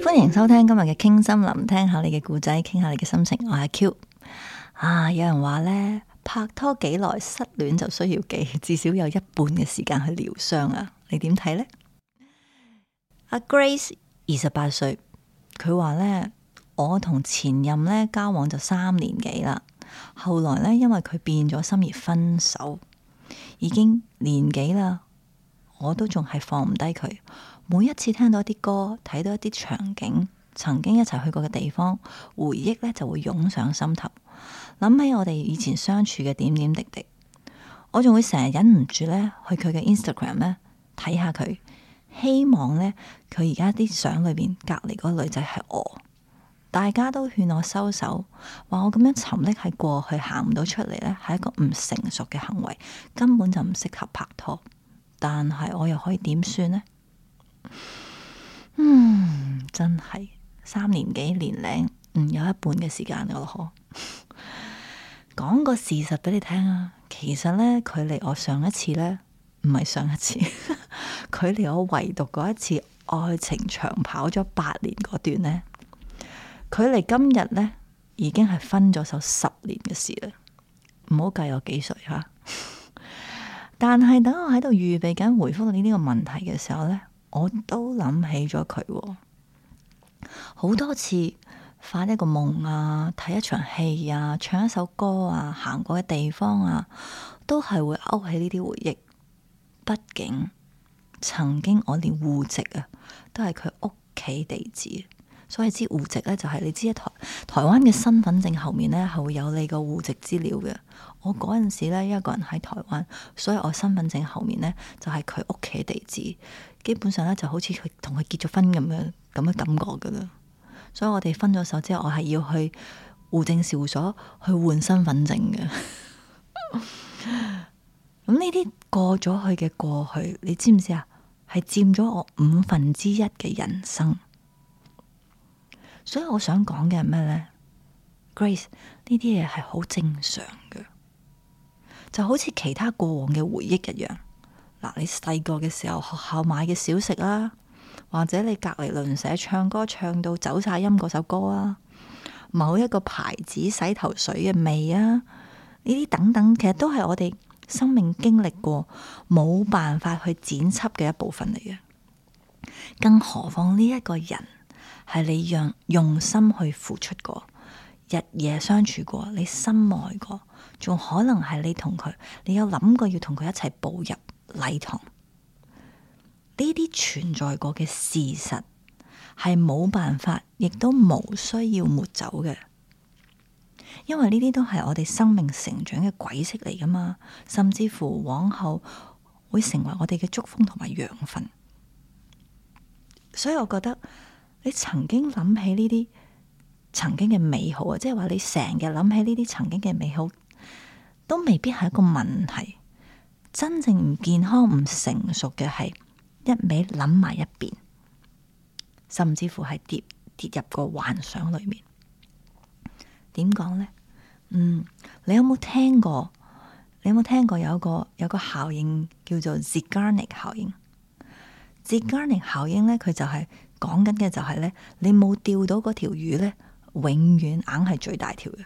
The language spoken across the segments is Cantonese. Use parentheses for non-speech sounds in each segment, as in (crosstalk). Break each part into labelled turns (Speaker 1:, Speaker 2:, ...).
Speaker 1: 歡迎收聽今日嘅傾森林，聽下你嘅故仔，傾下你嘅心情。我係 Q 啊！有人話呢，拍拖幾耐失戀就需要幾，至少有一半嘅時間去療傷啊！你點睇呢？阿 Grace 二十八歲，佢話呢，我同前任呢交往就三年幾啦。後來咧，因為佢變咗心而分手，已經年幾啦，我都仲係放唔低佢。每一次聽到一啲歌，睇到一啲場景，曾經一齊去過嘅地方，回憶咧就會湧上心頭，諗起我哋以前相處嘅點點滴滴。我仲會成日忍唔住咧去佢嘅 Instagram 咧睇下佢，希望咧佢而家啲相裏邊隔離嗰個女仔係我。大家都勸我收手，話我咁樣沉溺喺過去行唔到出嚟，呢，係一個唔成熟嘅行為，根本就唔適合拍拖。但係我又可以點算呢？嗯，真係三年幾年齡，嗯，有一半嘅時間我可講個事實俾你聽啊。其實呢，距離我上一次呢，唔係上一次， (laughs) 距離我唯獨嗰一次愛情長跑咗八年嗰段呢。距離今日呢已經係分咗手十年嘅事啦。唔好計我幾歲哈，但係等我喺度預備緊回覆你呢個問題嘅時候呢，我都諗起咗佢。好多次發一個夢啊，睇一場戲啊，唱一首歌啊，行過嘅地方啊，都係會勾起呢啲回憶。畢竟曾經我連戶籍啊，都係佢屋企地址。所以知戶籍呢、就是，就係你知台台灣嘅身份證後面呢係會有你個戶籍資料嘅。我嗰陣時呢，一個人喺台灣，所以我身份證後面呢，就係佢屋企地址。基本上呢，就好似佢同佢結咗婚咁樣咁嘅感覺噶啦。所以我哋分咗手之後，我係要去戶政事務所換 (laughs) 去換身份證嘅。咁呢啲過咗去嘅過去，你知唔知啊？係佔咗我五分之一嘅人生。所以我想講嘅係咩呢？Grace，呢啲嘢係好正常嘅，就好似其他過往嘅回憶一樣。嗱，你細個嘅時候學校買嘅小食啦，或者你隔籬鄰舍唱歌唱到走晒音嗰首歌啊，某一個牌子洗頭水嘅味啊，呢啲等等，其實都係我哋生命經歷過冇辦法去剪輯嘅一部分嚟嘅。更何況呢一個人。係你用用心去付出過、日夜相處過、你深愛過，仲可能係你同佢，你有諗過要同佢一齊步入禮堂。呢啲存在過嘅事實係冇辦法，亦都冇需要抹走嘅，因為呢啲都係我哋生命成長嘅軌跡嚟㗎嘛，甚至乎往後會成為我哋嘅祝福同埋養分。所以我覺得。你曾經諗起呢啲曾經嘅美好啊，即係話你成日諗起呢啲曾經嘅美好，都未必係一個問題。真正唔健康、唔成熟嘅係一味諗埋一邊，甚至乎係跌跌入個幻想裏面。點講呢？嗯，你有冇聽過？你有冇聽過有一個有一個效應叫做 Zeigarnik 效應 Zeigarnik 效應呢？佢就係、是。講緊嘅就係、是、呢，你冇釣到嗰條魚呢，永遠硬係最大條嘅。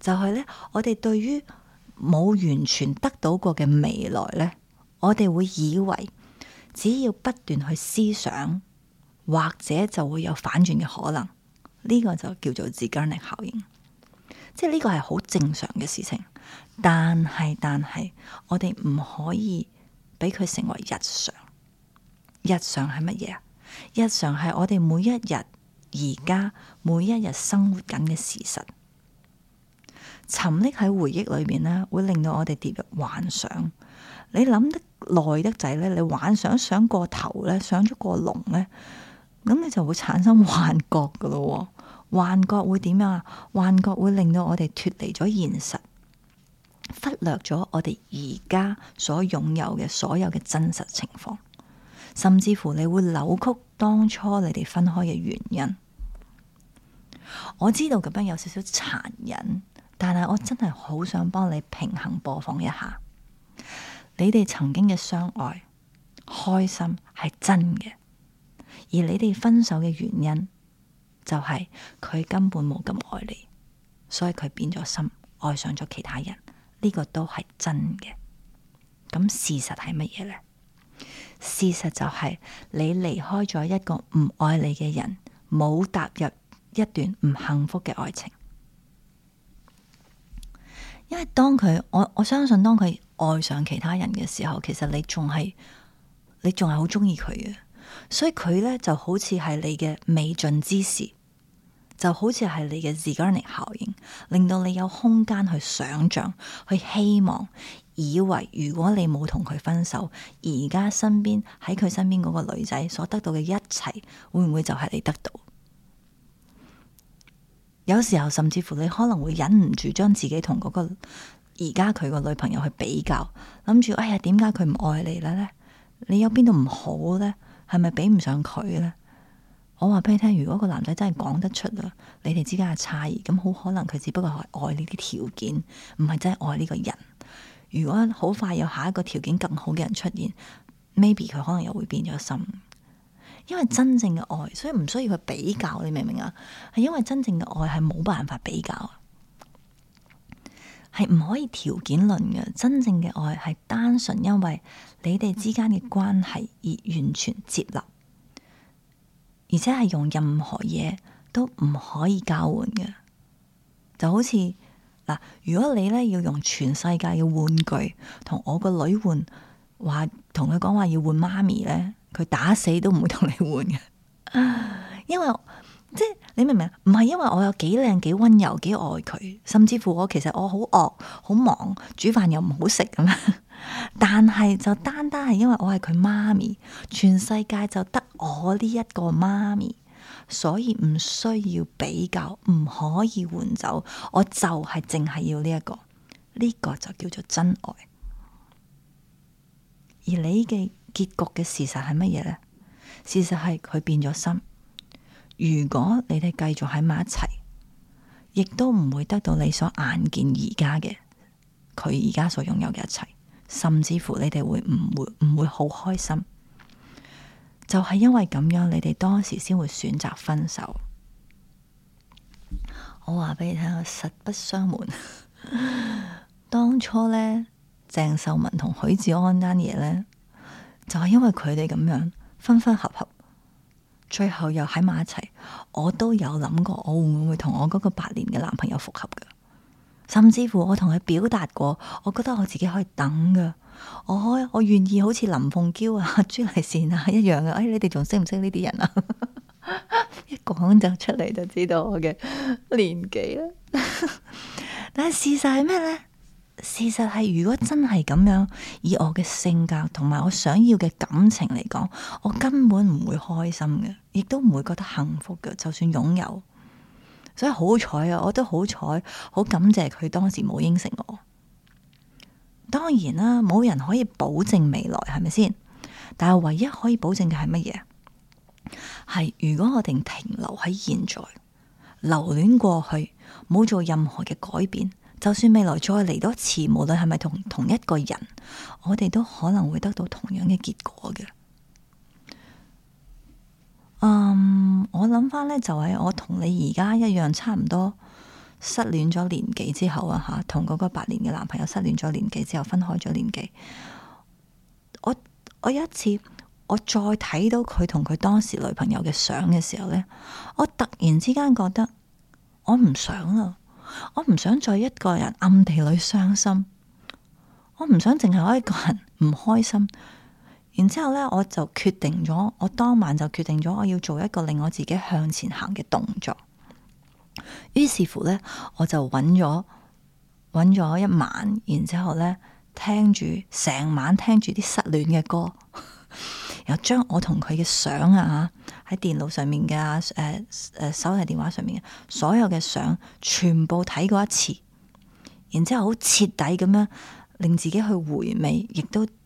Speaker 1: 就係、是、呢，我哋對於冇完全得到過嘅未來呢，我哋會以為只要不斷去思想，或者就會有反轉嘅可能。呢、這個就叫做自甘力效應，即係呢個係好正常嘅事情。但係但係，我哋唔可以俾佢成為日常。日常係乜嘢啊？日常係我哋每一日而家每一日生活緊嘅事實，沉溺喺回憶裏邊呢，會令到我哋跌入幻想。你諗得耐得滯咧，你幻想想過頭咧，想咗過龍咧，咁你就會產生幻覺噶咯。幻覺會點樣啊？幻覺會令到我哋脫離咗現實，忽略咗我哋而家所擁有嘅所有嘅真實情況。甚至乎你會扭曲當初你哋分開嘅原因。我知道咁樣有少少殘忍，但係我真係好想幫你平衡播放一下，你哋曾經嘅相愛、開心係真嘅，而你哋分手嘅原因就係佢根本冇咁愛你，所以佢變咗心，愛上咗其他人，呢個都係真嘅。咁事實係乜嘢呢？事實就係、是、你離開咗一個唔愛你嘅人，冇踏入一段唔幸福嘅愛情。因為當佢，我我相信當佢愛上其他人嘅時候，其實你仲係你仲係好中意佢嘅，所以佢呢就好似係你嘅未盡之事，就好似係你嘅 Zeigarnik 效應，令到你有空間去想象，去希望。以為如果你冇同佢分手，而家身邊喺佢身邊嗰個女仔所得到嘅一切，會唔會就係你得到？有時候甚至乎你可能會忍唔住將自己同嗰個而家佢個女朋友去比較，諗住哎呀，點解佢唔愛你啦呢？你有邊度唔好呢？係咪比唔上佢呢？我話俾你聽，如果個男仔真係講得出啦，你哋之間嘅差異，咁好可能佢只不過係愛呢啲條件，唔係真係愛呢個人。如果好快有下一個條件更好嘅人出現，maybe 佢可,可能又會變咗心，因為真正嘅愛，所以唔需要去比較，你明唔明啊？係因為真正嘅愛係冇辦法比較，係唔可以條件論嘅。真正嘅愛係單純因為你哋之間嘅關係而完全接納，而且係用任何嘢都唔可以交換嘅，就好似。嗱，如果你咧要用全世界嘅玩具同我個女換，話同佢講話要換媽咪咧，佢打死都唔會同你換嘅， (laughs) 因為即係你明唔明？唔係因為我有幾靚、幾溫柔、幾愛佢，甚至乎我其實我好惡、好忙、煮飯又唔好食咁， (laughs) 但係就單單係因為我係佢媽咪，全世界就得我呢一個媽咪。所以唔需要比較，唔可以換走，我就係淨係要呢一個，呢個就叫做真愛。而你嘅結局嘅事實係乜嘢呢？事實係佢變咗心。如果你哋繼續喺埋一齊，亦都唔會得到你所眼見而家嘅佢而家所擁有嘅一切，甚至乎你哋會唔會唔會好開心？就係因為咁樣，你哋當時先會選擇分手。我話畀你聽，我實不相瞞， (laughs) 當初呢，鄭秀文同許志安單嘢呢，就係、是、因為佢哋咁樣分分合合，最後又喺埋一齊。我都有諗過，我會唔會同我嗰個八年嘅男朋友復合噶？甚至乎我同佢表達過，我覺得我自己可以等噶，我、哎、我願意好似林鳳嬌啊、朱麗倩啊一樣嘅。哎，你哋仲識唔識呢啲人啊？ (laughs) 一講就出嚟就知道我嘅年紀啦。 (laughs) 但係事實係咩咧？事實係如果真係咁樣，以我嘅性格同埋我想要嘅感情嚟講，我根本唔會開心嘅，亦都唔會覺得幸福嘅，就算擁有。所以好彩啊！我都好彩，好感謝佢當時冇應承我。當然啦，冇人可以保證未來係咪先？但係唯一可以保證嘅係乜嘢？係如果我哋停留喺現在，留戀過去，冇做任何嘅改變，就算未來再嚟多次，無論係咪同同一個人，我哋都可能會得到同樣嘅結果嘅。Um, 我諗翻，呢，就係、是、我同你而家一樣，差唔多失戀咗年幾之後啊，吓同嗰個八年嘅男朋友失戀咗年幾之後，分開咗年幾。我我有一次，我再睇到佢同佢當時女朋友嘅相嘅時候呢，我突然之間覺得我唔想啊，我唔想再一個人暗地裏傷心，我唔想淨係我一個人唔開心。然之後咧，我就決定咗，我當晚就決定咗，我要做一個令我自己向前行嘅動作。於是乎咧，我就揾咗揾咗一晚，然之後咧，聽住成晚聽住啲失戀嘅歌，又將我同佢嘅相啊，喺電腦上面嘅誒誒手提電話上面嘅所有嘅相，全部睇過一次，然之後好徹底咁樣令自己去回味，亦都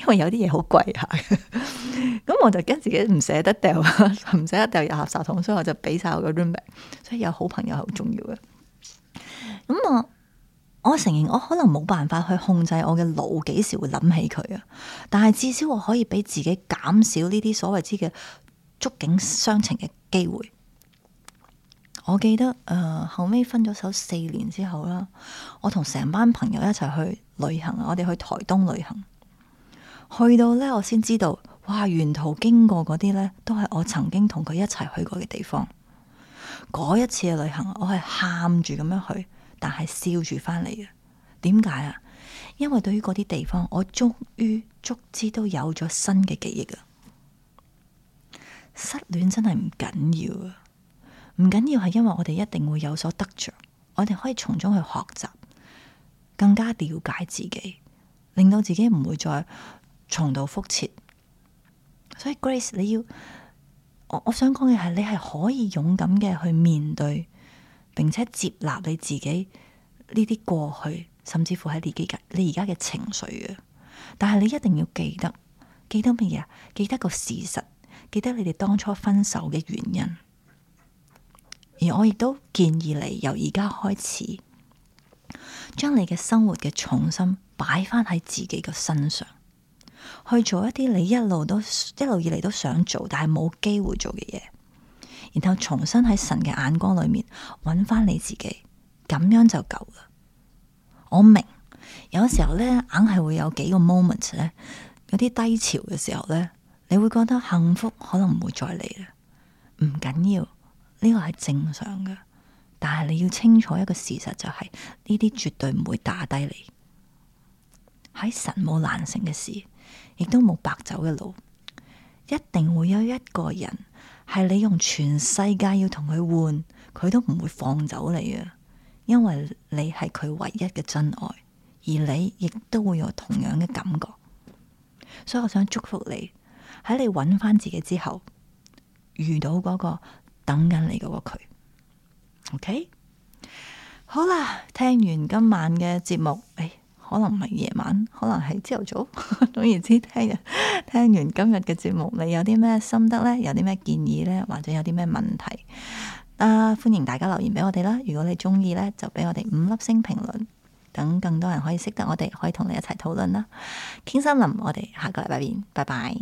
Speaker 1: 因為有啲嘢好貴下嘅，咁 (laughs) 我就驚自己唔捨得掉啊，唔 (laughs) 捨得掉入垃圾桶，所以我就俾晒我嘅 roommate。所以有好朋友係好重要嘅。咁我我承認我可能冇辦法去控制我嘅腦幾時會諗起佢啊，但係至少我可以俾自己減少呢啲所謂之嘅觸景傷情嘅機會。我記得誒、呃，後尾分咗手四年之後啦，我同成班朋友一齊去旅行，我哋去台東旅行。去到呢，我先知道，哇！沿途經過嗰啲呢，都係我曾經同佢一齊去過嘅地方。嗰一次嘅旅行，我係喊住咁樣去，但係笑住返嚟嘅。點解啊？因為對於嗰啲地方，我終於足之都有咗新嘅記憶啊！失戀真係唔緊要啊！唔緊要係因為我哋一定會有所得着，我哋可以從中去學習，更加了解自己，令到自己唔會再。重蹈覆轍，所以 Grace，你要，我我想講嘅係，你係可以勇敢嘅去面對，並且接納你自己呢啲過去，甚至乎喺你嘅你而家嘅情緒嘅。但係你一定要記得，記得乜嘢啊？記得個事實，記得你哋當初分手嘅原因。而我亦都建議你由而家開始，將你嘅生活嘅重心擺翻喺自己嘅身上。去做一啲你一路都一路以嚟都想做，但係冇機會做嘅嘢，然後重新喺神嘅眼光裏面揾翻你自己，咁樣就夠啦。我明，有時候咧，硬係會有幾個 moment 咧，有啲低潮嘅時候咧，你會覺得幸福可能唔會再嚟啦。唔緊要，呢個係正常嘅，但係你要清楚一個事實就係，呢啲絕對唔會打低你。喺神冇難成嘅事。亦都冇白走嘅路，一定會有一個人係你用全世界要同佢換，佢都唔會放走你啊！因為你係佢唯一嘅真愛，而你亦都會有同樣嘅感覺。所以我想祝福你喺你揾翻自己之後，遇到嗰個等緊你嗰個佢。OK，好啦，聽完今晚嘅節目，哎可能唔係夜晚，可能係朝頭早。總言 (laughs) 之聽日聽完今日嘅節目，你有啲咩心得呢？有啲咩建議呢？或者有啲咩問題？啊、uh，歡迎大家留言俾我哋啦！如果你中意呢，就俾我哋五粒星評論，等更多人可以識得我哋，可以同你一齊討論啦。傾森林，我哋下個禮拜見，拜拜。